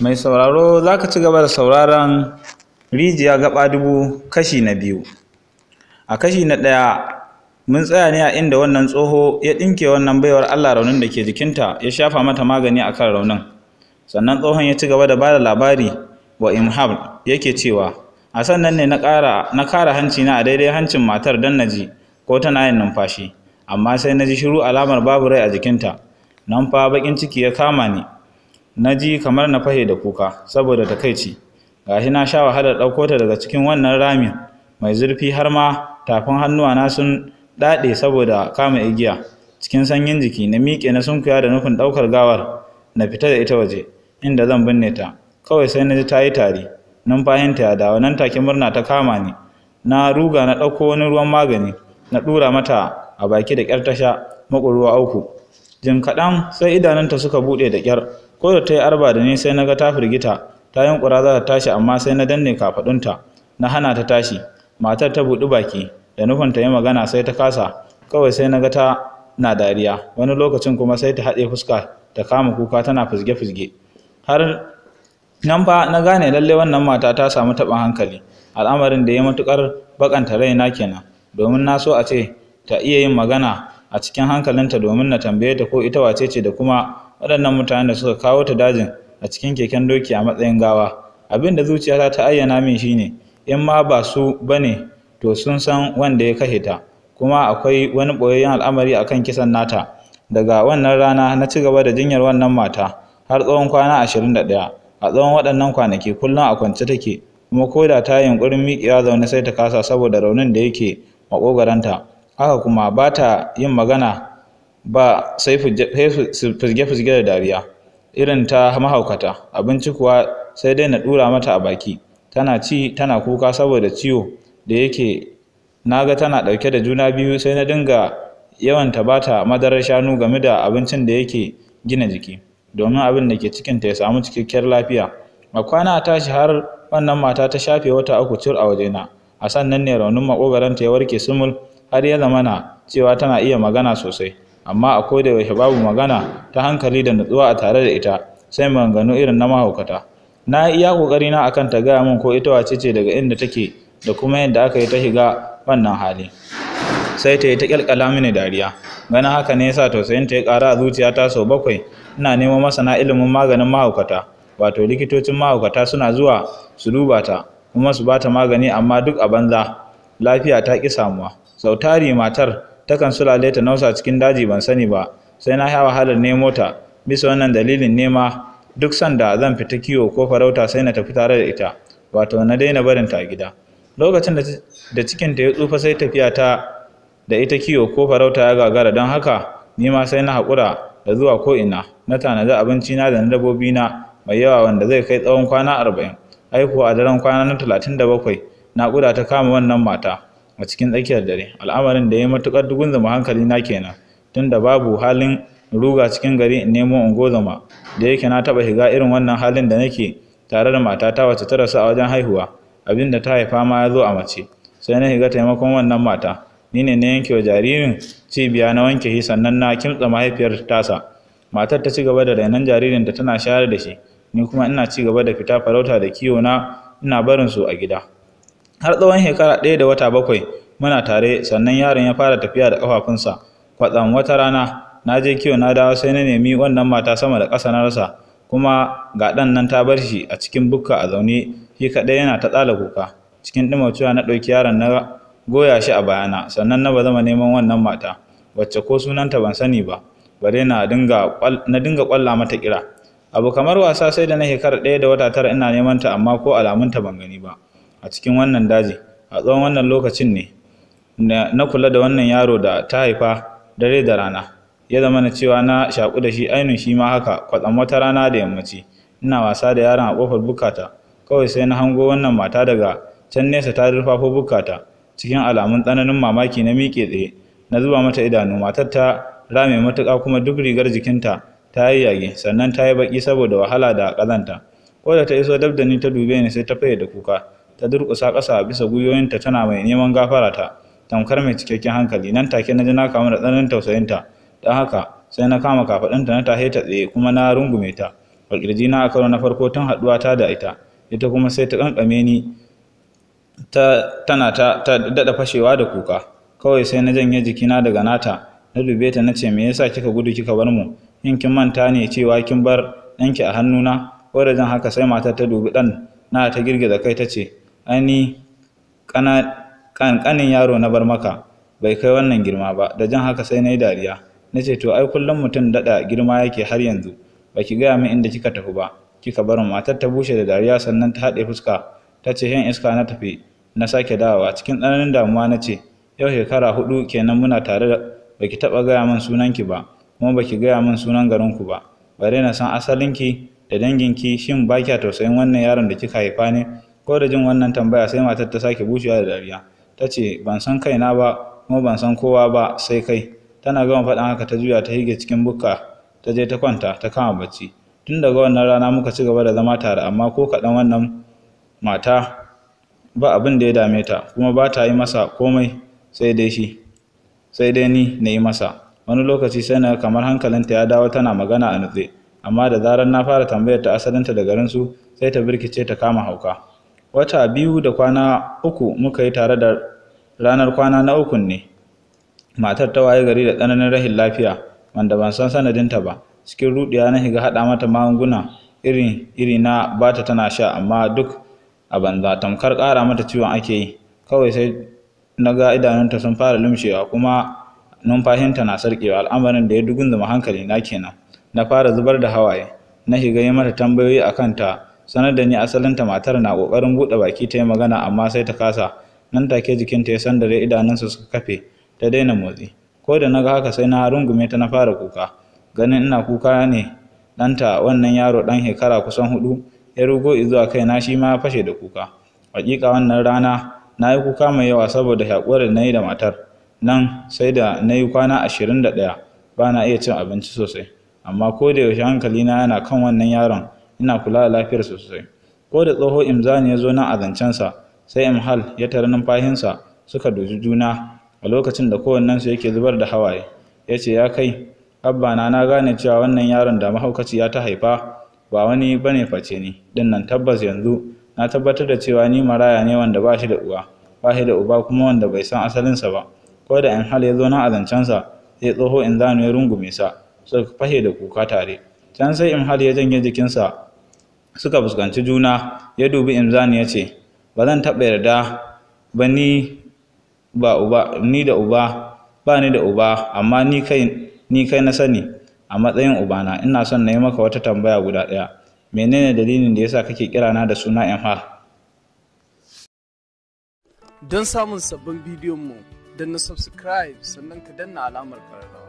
mai sauraro za ka ci gaba da sauraron rijiya gaba dubu kashi na biyu a kashi na ɗaya mun tsaya ne a inda wannan tsoho ya ɗinke wannan baiwar allah raunin da ke jikinta ya shafa mata magani a kan raunin sannan tsohon ya ci gaba da ba da labari wa imhab yake cewa a sannan ne na kara hanci na a daidai hancin matar don na ji ko tana yin numfashi amma sai na ji shiru alamar babu rai a jikinta nan fa baƙin ciki ya kama ni na ji kamar na fahe da kuka saboda takaici gashi na sha wahalar ɗauko ta daga cikin wannan ramin mai zurfi har ma tafin hannuwa na sun daɗe saboda kama igiya cikin sanyin jiki na miƙe na sunkuya da nufin ɗaukar gawar na fita da ita waje inda zan binne ta kawai sai na ji ta yi tari numfahinta ya dawo nan take murna ta kama ni na ruga na ɗauko wani ruwan magani na ɗura mata a baki da ƙyar tasha maƙuruwa uku jin kaɗan sai idanunta suka buɗe da ƙyar ko da ta yi arba da ni sai na ga ta firgita ta yunkura za ta tashi amma sai na danne kafaɗunta na hana ta tashi matar ta buɗi baki da nufin ta yi magana sai ta kasa kawai sai na ga ta na dariya wani lokacin kuma sai ta haɗe fuska ta kama kuka tana fizge-fizge har nan fa na gane lalle wannan mata ta samu taɓin hankali al'amarin da ya matuƙar bakanta raina kenan domin na so a ce ta iya yin magana a cikin hankalinta domin na tambaye ta ko ita wace ce da kuma waɗannan mutanen da suka kawo ta dajin a cikin keken doki a matsayin gawa abin da zuciyata ta ayyana min shine in ma ba su bane to sun san wanda ya kashe ta kuma akwai wani ɓoyayyen al'amari akan kisan nata daga wannan rana na ci gaba da jinyar wannan mata har tsawon kwana ashirin 21 a tsawon waɗannan kwanaki kullum a kwance take kuma ko da ta yunkurin miƙewa zaune sai ta kasa saboda raunin da yake makogaranta haka kuma ba ta yin magana ba sai su fuzge da dariya irin ta mahaukata abinci kuwa sai dai na dura mata a baki tana ci tana kuka saboda ciwo da yake na ga tana ɗauke da juna biyu sai na dinga yawan ta bata madarar shanu game da abincin da yake gina jiki domin abin da ke cikinta ya samu cikakkiyar lafiya a kwana tashi har wannan mata ta shafe wata uku cur a wajena a sannan ne raunin makogaranta ya warke sumul har ya zamana cewa tana iya magana sosai amma a ko koda yaushe babu magana ta hankali da nutsuwa a tare da ita sai maganganu irin na mahaukata na iya kokari na akan ta gaya min ko ita wace ce daga inda take da kuma yadda aka yi ta shiga wannan hali sai ta yi ta kyalkala mini dariya ganin haka ne yasa tausayin ta ya ƙara a zuciyata sau bakwai ina neman masana ilimin maganin mahaukata wato likitocin mahaukata suna zuwa su duba ta kuma su bata magani amma duk a banza lafiya ta ki samuwa sautari matar takan sulale ta nausa cikin daji ban sani ba sai na sha wahalar nemo ta bisa wannan dalilin nema duk sanda zan fita kiwo ko farauta sai na tafi tare da ita wato na daina barin ta gida lokacin da cikin ta ya tsufa sai tafiya ta da ita kiwo ko farauta ya gagara don haka ni ma sai na hakura da zuwa ko ina na tanadi abinci na da na dabbobi na mai yawa wanda zai kai tsawon kwana arba'in aiko a daren kwana na talatin da bakwai na ƙuda ta kama wannan mata a cikin tsakiyar dare al'amarin da ya matuƙar dugun zama hankali na kenan tunda babu halin ruga cikin gari in nemo zama da yake na taɓa shiga irin wannan halin da nake tare da matata wacce ta rasu a wajen haihuwa abin da ta haifa ma ya zo a mace sai na shiga taimakon wannan mata ni ne na yanke wa jaririn cibiya na wanke shi sannan na kimtsa mahaifiyar tasa matar ta ci gaba da rainon jaririn da tana shayar da shi ni kuma ina ci gaba da fita farauta da kiwo na ina barin su a gida har tsawon shekara ɗaya da wata bakwai muna tare sannan yaron ya fara tafiya da ƙafafunsa kwatsam wata rana na je kiwo na dawo sai na nemi wannan mata sama da ƙasa na rasa kuma ga ɗan nan ta bar shi a cikin bukka a zaune shi kaɗai yana ta tsala kuka cikin ɗimaucewa na ɗauki yaron na goya shi a bayana sannan na ba zama neman wannan mata wacce ko sunanta ban sani ba bare na dinga ƙwalla mata kira abu kamar wasa sai da na shekara ɗaya da wata tara ina neman ta amma ko alamunta ban gani ba a cikin wannan daji a tsawon wannan lokacin ne na kula da wannan yaro da ta haifa dare da rana ya zama na cewa na shaƙu da shi ainu shi ma haka kwatsam wata rana da yammaci ina wasa da yaron a ƙofar bukata kawai sai na hango wannan mata daga can nesa ta rufafo bukata cikin alamun tsananin mamaki na miƙe tsaye na zuba mata idanu matar ta rame matuƙa kuma duk rigar jikinta ta yi yage sannan ta yi baƙi saboda wahala da ƙazanta ko da ta iso dab da ni ta dube ni sai ta faye kuka ta durƙusa ƙasa a bisa gwiwoyinta tana mai neman gafara ta tamkar mai cikakken hankali nan take na ji na kamu da tsananin tausayinta don haka sai na kama kafaɗinta na tahe ta tsaye kuma na rungume ta a na a karo na farko tun haɗuwa ta da ita ita kuma sai ta ƙanƙame ni ta tana ta, daɗa fashewa da kuka kawai sai na janye jikina daga nata na dube ta na ce me yasa kika gudu kika bar mu in kin manta ne cewa kin bar ɗanki a hannuna jan haka sai matar ta dubi ɗan na ta girgiza kai ta ce ƙani ƙanƙanin yaro na bar maka bai kai wannan girma ba da jan haka sai na yi dariya na ce to ai kullum mutum daɗa girma yake har yanzu Ba ki gaya min inda kika tafi ba kika barin matar ta bushe da dariya sannan ta haɗe fuska ta ce yan iska na tafi na sake dawowa cikin tsananin damuwa na ce yau shekara hudu kenan muna tare da Ba ki taɓa gaya min ki ba kuma ba ki gaya min sunan garin ku ba bare na san asalinki da danginki shin ba kya tausayin wannan yaron da kika haifa ne ko da jin wannan tambaya sai matar ta sake bushewa da dariya ta ce ban san kai na ba kuma ban san kowa ba sai kai tana gama faɗin haka ta juya ta hige cikin bukka ta je ta kwanta ta kama bacci tun daga wannan rana muka ci gaba da zama tare amma ko kaɗan wannan mata ba abin da ya dame ta kuma ba ta yi masa komai sai dai shi sai dai ni na yi masa wani lokaci sai na kamar hankalinta ya dawo tana magana a nutse amma da zarar na fara tambayar ta asalinta da garinsu sai ta birkice ta kama hauka wata biyu da kwana uku muka yi tare da ranar kwana na ukun ne matar ta waye gari da tsananin rahin lafiya wanda ban san sanadinta ba cikin rudiya na higa hada mata magunguna irin iri na bata tana sha amma duk a banza tamkar kara mata ciwon ake yi kawai sai na ga idanunta sun fara lumshewa kuma numfashinta na sarkewa al'amarin da ya dugun zama hankali na kenan na fara zubar da hawaye na shiga yi mata tambayoyi akan ta sanar da ni asalin ta matar na kokarin buɗe baki ta yi magana amma sai ta kasa nan take jikinta ya san idanun idanunsa suka kafe ta daina motsi ko da naga haka sai na rungume ta na fara kuka ganin ina kuka ne ɗanta wannan yaro dan hekara kusan hudu ya rugo zuwa na shi ma ya fashe da kuka hakika wannan rana na yi kuka mai yawa saboda shakuwar da na yi da matar nan sai da na yi kwana ashirin da ɗaya ba na iya cin abinci sosai amma ko da yaushe hankalina yana kan wannan yaron ina kula da lafiyar su sosai ko da tsoho imzani ya zo na azancensa sai imhal ya tara numfahinsa suka doji juna a lokacin da kowannensu yake zubar da hawaye ya ce ya kai abba na na gane cewa wannan yaron da mahaukaci ya ta haifa ba wani bane face ni din nan tabbas yanzu na tabbatar da cewa ni maraya ne wanda ba shi da uwa ba shi da uba kuma wanda bai san asalinsa ba ko da in hal ya zo na a sai tsoho in zanu ya rungume sa suka fahe da kuka tare can sai in hal ya janye jikinsa suka fuskanci juna ya dubi imzani ya ce ba zan taɓa yarda ba ni ba uba ni da uba ba ni da uba amma ni kai na sani a matsayin ubana ina son na yi maka wata tambaya guda ɗaya menene dalilin da yasa kake kirana da suna har? don samun sabbin bidiyon mu na subscribe sannan ka danna alamar ƙararrawa